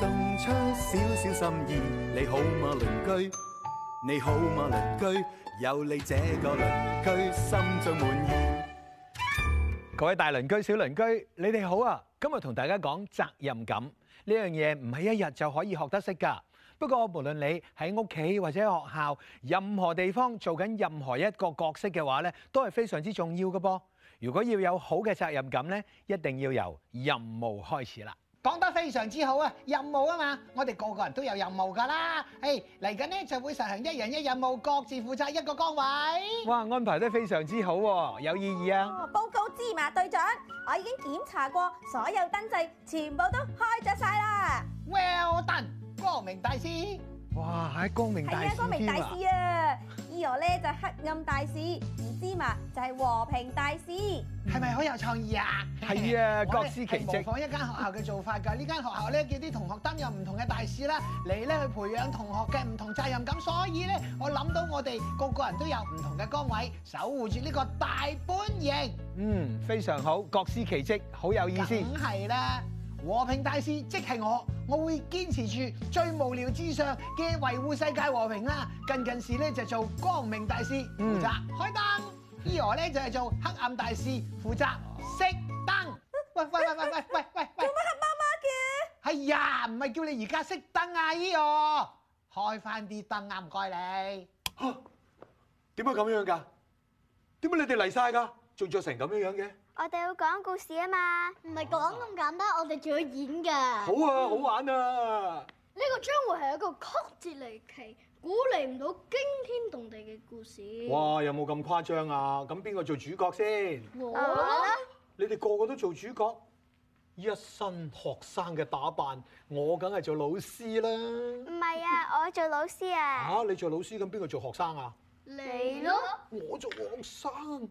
送出少少心意，你好嗎鄰居？你好嗎鄰居？有你這個鄰居，心中滿意。各位大鄰居、小鄰居，你哋好啊！今日同大家講責任感呢樣嘢，唔係一日就可以學得識㗎。不過無論你喺屋企或者學校，任何地方做緊任何一個角色嘅話咧，都係非常之重要㗎噃。如果要有好嘅責任感咧，一定要由任務開始啦。講得非常之好啊！任務啊嘛，我哋個個人都有任務噶啦。誒、hey，嚟緊咧就會實行一人一任務，各自負責一個崗位。哇，安排得非常之好喎、啊，有意義啊！哦、報告芝麻隊長，我已經檢查過所有燈掣，全部都開著晒啦。Well done，光明大師。哇！喺光明，明大使啊，依個咧就是、黑暗大使，唔知嘛，就係、是、和平大使。係咪好有創意啊？係啊， 各司其職。模仿一間學校嘅做法噶呢 間學校咧叫啲同學擔任唔同嘅大使啦，你咧去培養同學嘅唔同責任感。所以咧，我諗到我哋個個人都有唔同嘅崗位，守護住呢個大本營。嗯，非常好，各司其職，好有意思。梗係啦。和平大使即係我，我會堅持住最無聊之上嘅維護世界和平啦。近近時咧就做光明大使負責開燈，依、嗯、我咧就係、是、做黑暗大使負責熄燈。 喂喂喂喂喂喂喂，做乜黑媽媽嘅？係呀，唔係叫你而家熄燈啊，依我，開翻啲燈啊，唔該你？點解咁樣噶？點解你哋嚟晒噶？仲着成咁樣樣嘅？我哋要講故事啊嘛，唔係講咁簡單，啊、我哋仲要演噶。好啊，嗯、好玩啊！呢個將會係一個曲折離奇、估佢唔到驚天動地嘅故事。哇，有冇咁誇張啊？咁邊個做主角先？我、啊、你哋個個都做主角，一身學生嘅打扮，我梗係做老師啦、嗯。唔係啊，我做老師啊。吓，你做老師咁邊個做學生啊？你咯、啊。我做學生。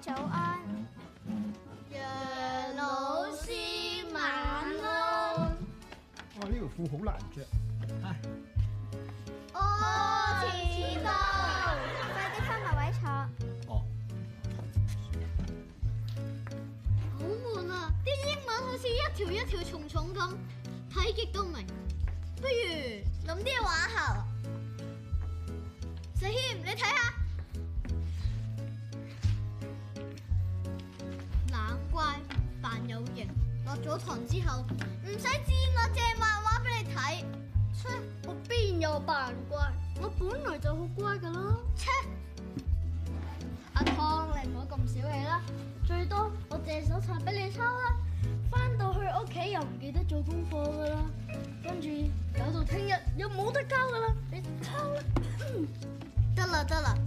早安，楊老師晚安。哇、哦，呢條褲好難着，哎。我、哦、遲到，快啲翻埋位坐。哦。好悶啊，啲英文好似一條一條蟲蟲咁，睇極都唔明。不如諗啲嘢玩下。小謙，你睇下。落咗堂之後，唔使知我借漫畫俾你睇。切，我邊有扮乖？我本來就好乖噶啦。切，阿湯你唔好咁小氣啦，最多我借手冊俾你抄啦。返到去屋企又唔記得做功課噶啦，跟住搞到聽日又冇得交噶啦。你抄啦。得啦得啦。嗯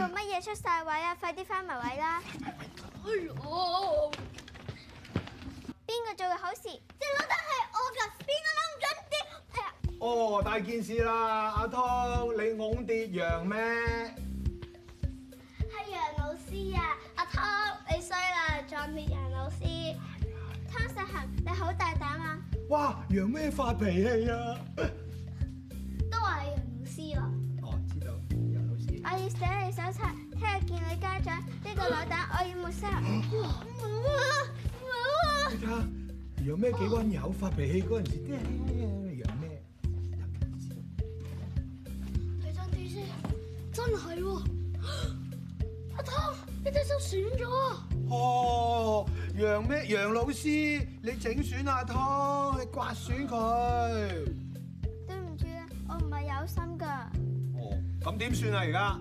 做乜嘢出晒位啊！快啲返埋位啦！哎呀，邊、哎、個做嘅好事？正老豆係我㗎，邊個撈唔準啲？哎呀！哦，大件事啦，阿、啊、湯，你㧬跌羊咩？係羊老師啊！阿、啊、湯你衰啦，撞跌羊老師。湯實恒你好大膽啊！哇，羊咩發脾氣啊？寫你手冊，聽日見你家長。呢個扭蛋我要抹殺。哇！哇！哇！你睇下楊咩幾溫柔？發脾氣嗰陣時，咩咩咩咩？楊咩？睇真啲先，真係喎！阿湯，你隻手損咗。哦，楊咩？楊老師，你整損阿湯，你刮損佢。對唔住啊，我唔係有心噶。哦，咁點算啊？而家？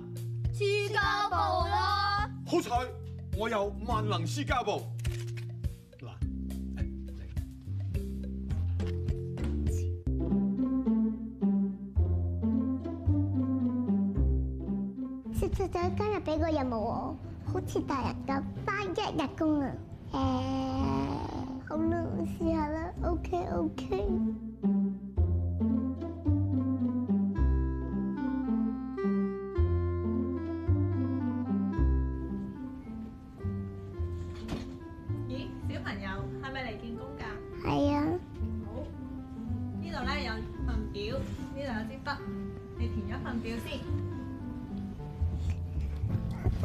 私家部啦，好彩我有萬能私家部。嗱，嚟，這次真係，今日俾個任務喎，好似大人咁翻一日工啊。誒，好啦，試下啦，OK OK。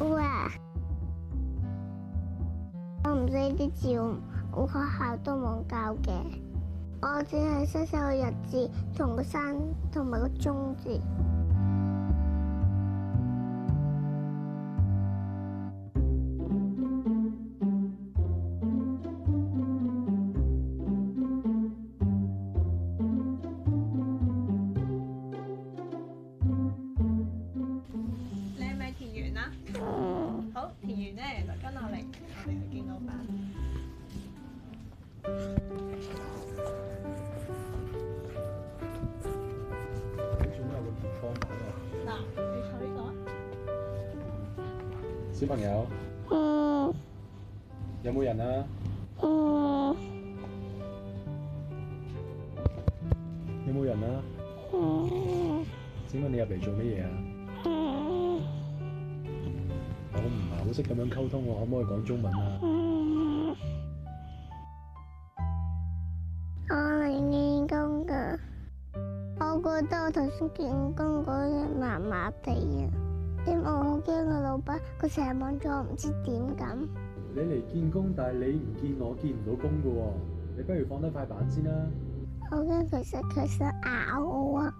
嗯、哇！我唔識啲字，我學校都冇教嘅，我只係識寫個日字、同個山、同埋個中字。小朋友，有冇人啊？有冇人啊？請問你入嚟做乜嘢啊？我唔係好識咁樣溝通，我可唔可以講中文啊？我係電工㗎，我覺得我頭先電工嗰日麻麻地啊。我好驚啊，老闆，佢成日搵錯，唔知點咁。你嚟見工，但係你唔見我，見唔到工噶。你不如放低塊板先啦。我驚其實，佢想，想咬我。啊。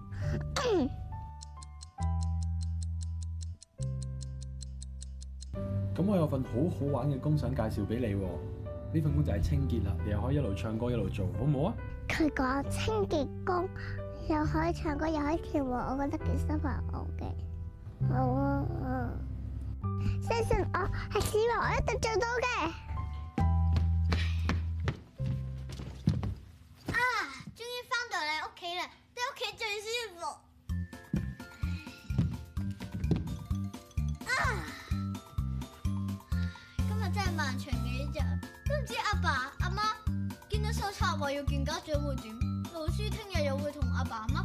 咁 我有份好好玩嘅工想介紹俾你，啊，呢份工就係清潔啦，你又可以一路唱歌一路做，好唔好啊？佢講，清潔工又可以唱歌又可以跳舞，我覺得幾適合我嘅。我相信我係希望我一定做到嘅。啊，終於翻到你屋企啦，你屋企最舒服。啊，今日真係漫長嘅一日，都唔知阿爸阿媽見到手冊話要見家長會點。老師聽日又會同阿爸阿媽。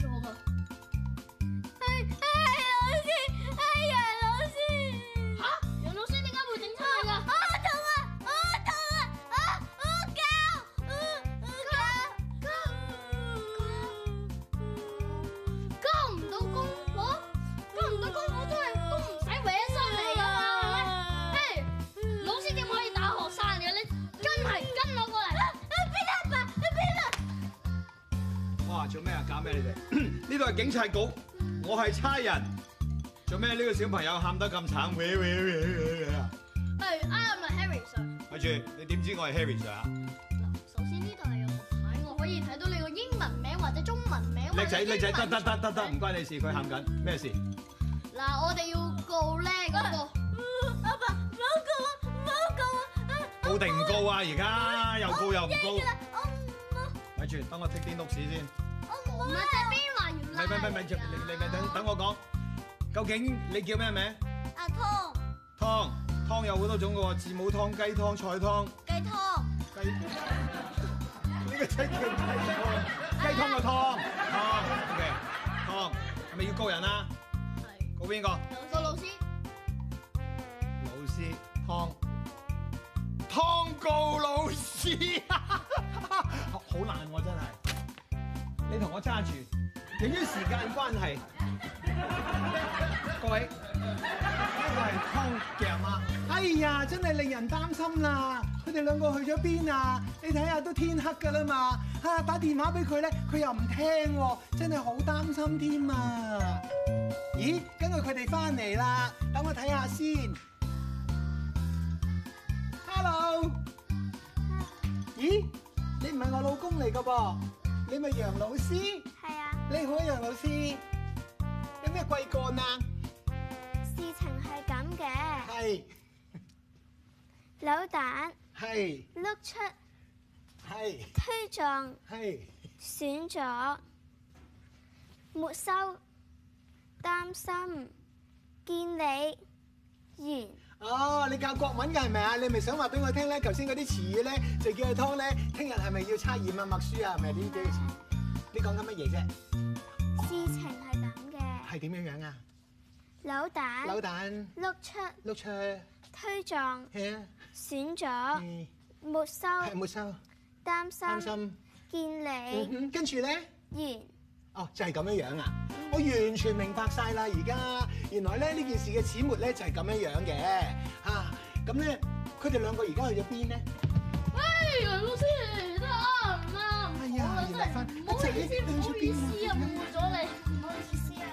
呢度係警察局，我係差人。做咩呢個小朋友喊得咁慘？喂喂喂喂喂啊！咪啊，咪，Harry sir。咪住，你點知我係 Harry sir 啊？嗱，首先呢度係有牌，我可以睇到你個英文名或者中文名。你仔你仔，得得得得得，唔關你事。佢喊緊咩事？嗱，我哋要告呢個阿爸，唔好告啊，唔好告啊！好定唔告啊？而家又告又唔告。我唔好。咪住，等我剔啲屋屎先。唔係咩？唔係唔係唔係，你你咪等等我講，究竟你叫咩名？阿湯湯湯有好多種㗎喎，字母湯、雞湯、菜湯、雞湯、雞。呢個真係叫雞湯，雞湯個湯湯嘅湯係咪要告人啊？係告邊個？告老師。老師湯湯告老師，好難我真係。你同我揸住，由於時間關係，各位，呢個係空鏡啊！哎呀，真係令人擔心啦！佢哋兩個去咗邊啊？你睇下都天黑㗎啦嘛！啊，打電話俾佢咧，佢又唔聽喎，真係好擔心添啊！咦，跟住佢哋翻嚟啦，等我睇下先。Hello，咦？你唔係我老公嚟噶噃？你咪楊老師，係啊！你好，楊老師，有咩貴幹啊？事情係咁嘅，係扭蛋，係碌出，係推撞，係選咗，沒收，擔心，見你完。哦，你教國文嘅係咪啊？你咪想話俾我聽咧，頭先嗰啲詞語咧就叫湯咧。聽日係咪要測驗啊？默書啊？係咪呢幾個詞？你講緊乜嘢啫？事情係咁嘅。係點樣樣啊？扭蛋。扭蛋。碌出。碌出。推撞。係啊。選咗。沒收。係沒收。擔心。擔心。見你。嗯哼。跟住咧。完。哦，就係、是、咁樣樣啊、嗯！我完全明白晒啦，而家原來咧呢件事嘅始末咧就係咁樣樣嘅吓，咁咧佢哋兩個而家去咗邊咧？喂，楊老師得啦，唔好啦，我真係唔好意思，唔好，好，、啊、好意思啊，誤會咗你，唔好意思啊，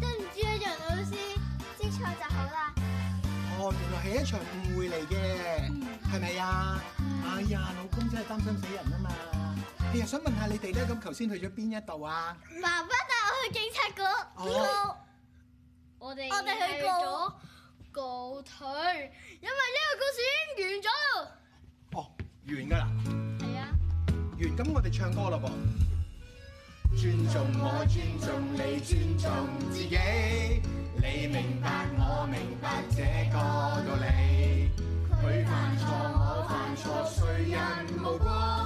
對唔住啊，楊老師，知錯就好啦。哦，原來係一場誤會嚟嘅，係、嗯、咪啊？哎呀，老公真係擔心死人啊嘛！我又想問下你哋咧，咁頭先去咗邊一度啊？爸爸帶我去警察局。哦，我哋我哋去過告退，因為呢個故事已經完咗。哦，完㗎啦。係啊，完。咁我哋唱歌咯噃。尊重我，尊重你，尊重自己。你明白我明白這個道理。佢犯錯我犯錯，誰人無過？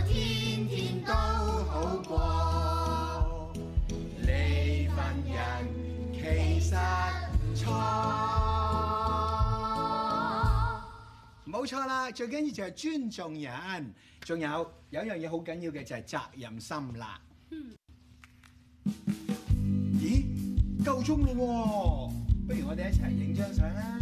冇錯啦，最緊要就係尊重人，仲有有一樣嘢好緊要嘅就係責任心啦。咦，夠鍾啦喎，不如我哋一齊影張相啦。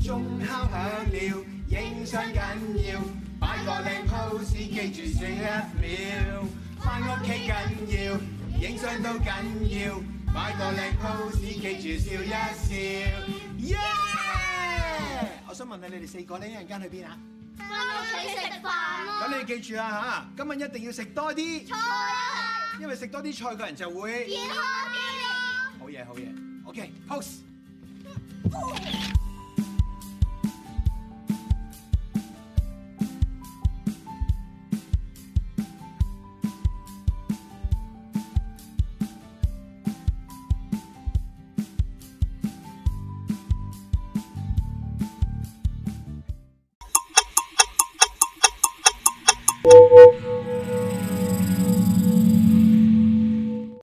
鐘敲響了，影相緊要，擺個靚 pose，記住笑一秒。返屋企緊要，影相都緊要，擺個靚 pose，記住笑一笑。我想問下你哋四個咧，你一陣間去邊啊？翻屋企食飯咯。咁你記住啊吓，今晚一定要食多啲菜，菜啊，因為食多啲菜個人就會健康啲。好嘢好嘢，OK pose。Oh。